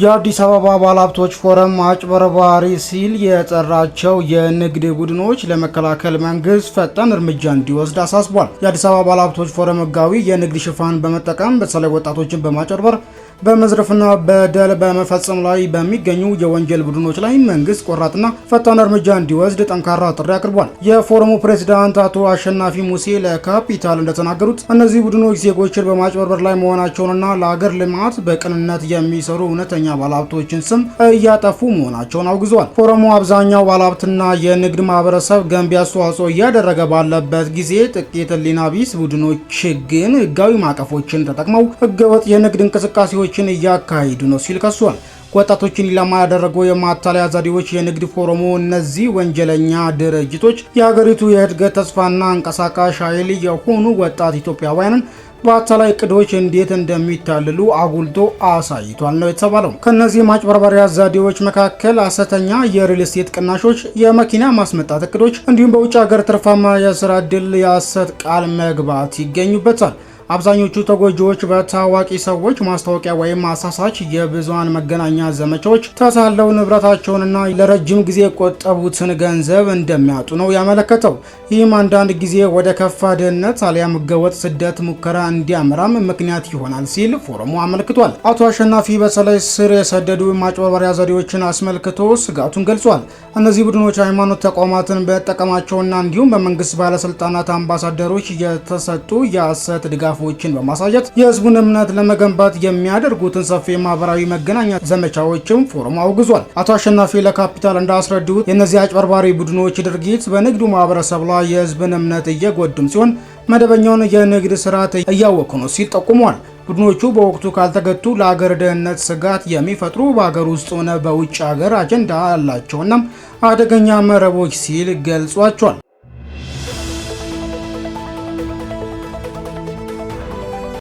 የአዲስ አበባ ባለሀብቶች ፎረም አጭበርባሪ ሲል የጠራቸው የንግድ ቡድኖች ለመከላከል መንግስት ፈጣን እርምጃ እንዲወስድ አሳስቧል። የአዲስ አበባ ባለሀብቶች ፎረም ህጋዊ የንግድ ሽፋን በመጠቀም በተለይ ወጣቶችን በማጭበርበር በመዝረፍና በደል በመፈጸም ላይ በሚገኙ የወንጀል ቡድኖች ላይ መንግስት ቆራጥና ፈጣን እርምጃ እንዲወስድ ጠንካራ ጥሪ አቅርቧል። የፎረሙ ፕሬዚዳንት አቶ አሸናፊ ሙሴ ለካፒታል እንደተናገሩት እነዚህ ቡድኖች ዜጎችን በማጭበርበር ላይ መሆናቸውንና ለአገር ልማት በቅንነት የሚሰሩ እውነተኛ ባለሀብቶችን ስም እያጠፉ መሆናቸውን አውግዟል። ፎረሙ አብዛኛው ባለሀብትና የንግድ ማህበረሰብ ገንቢ አስተዋጽኦ እያደረገ ባለበት ጊዜ ጥቂት ሊናቢስ ቢስ ቡድኖች ግን ህጋዊ ማዕቀፎችን ተጠቅመው ህገወጥ የንግድ እንቅስቃሴዎችን እያካሄዱ ነው ሲል ከሷል። ወጣቶችን ኢላማ ያደረጉ የማታለያ ዘዴዎች የንግድ ፎረሙ እነዚህ ወንጀለኛ ድርጅቶች የሀገሪቱ የእድገት ተስፋና አንቀሳቃሽ ኃይል የሆኑ ወጣት ኢትዮጵያውያንን በአታላይ እቅዶች እንዴት እንደሚታልሉ አጉልቶ አሳይቷል ነው የተባለው። ከእነዚህ ማጭበርበሪያ ዘዴዎች መካከል ሐሰተኛ የሪል ስቴት ቅናሾች፣ የመኪና ማስመጣት እቅዶች እንዲሁም በውጭ ሀገር ትርፋማ የስራ ድል የሐሰት ቃል መግባት ይገኙበታል። አብዛኞቹ ተጎጂዎች በታዋቂ ሰዎች ማስታወቂያ ወይም አሳሳች የብዙሃን መገናኛ ዘመቻዎች ተታለው ንብረታቸውንና ለረጅም ጊዜ የቆጠቡትን ገንዘብ እንደሚያጡ ነው ያመለከተው። ይህም አንዳንድ ጊዜ ወደ ከፋ ድህነት አሊያም ህገወጥ ስደት ሙከራ እንዲያመራም ምክንያት ይሆናል ሲል ፎረሙ አመልክቷል። አቶ አሸናፊ በተለይ ስር የሰደዱ ማጭበርበሪያ ዘዴዎችን አስመልክቶ ስጋቱን ገልጿል። እነዚህ ቡድኖች ሃይማኖት ተቋማትን በጠቀማቸውና እንዲሁም በመንግስት ባለስልጣናት አምባሳደሮች የተሰጡ የአሰት ድጋፍ ድጋፎችን በማሳየት የህዝቡን እምነት ለመገንባት የሚያደርጉትን ሰፊ ማህበራዊ መገናኛ ዘመቻዎችም ፎረም አውግዟል። አቶ አሸናፊ ለካፒታል እንዳስረዱት የእነዚህ አጭበርባሪ ቡድኖች ድርጊት በንግዱ ማህበረሰብ ላይ የህዝብን እምነት እየጎድም ሲሆን መደበኛውን የንግድ ስርዓት እያወቁ ነው ሲል ጠቁሟል። ቡድኖቹ በወቅቱ ካልተገቱ ለአገር ደህንነት ስጋት የሚፈጥሩ በሀገር ውስጥ ሆነ በውጭ ሀገር አጀንዳ ያላቸውና አደገኛ መረቦች ሲል ገልጿቸዋል።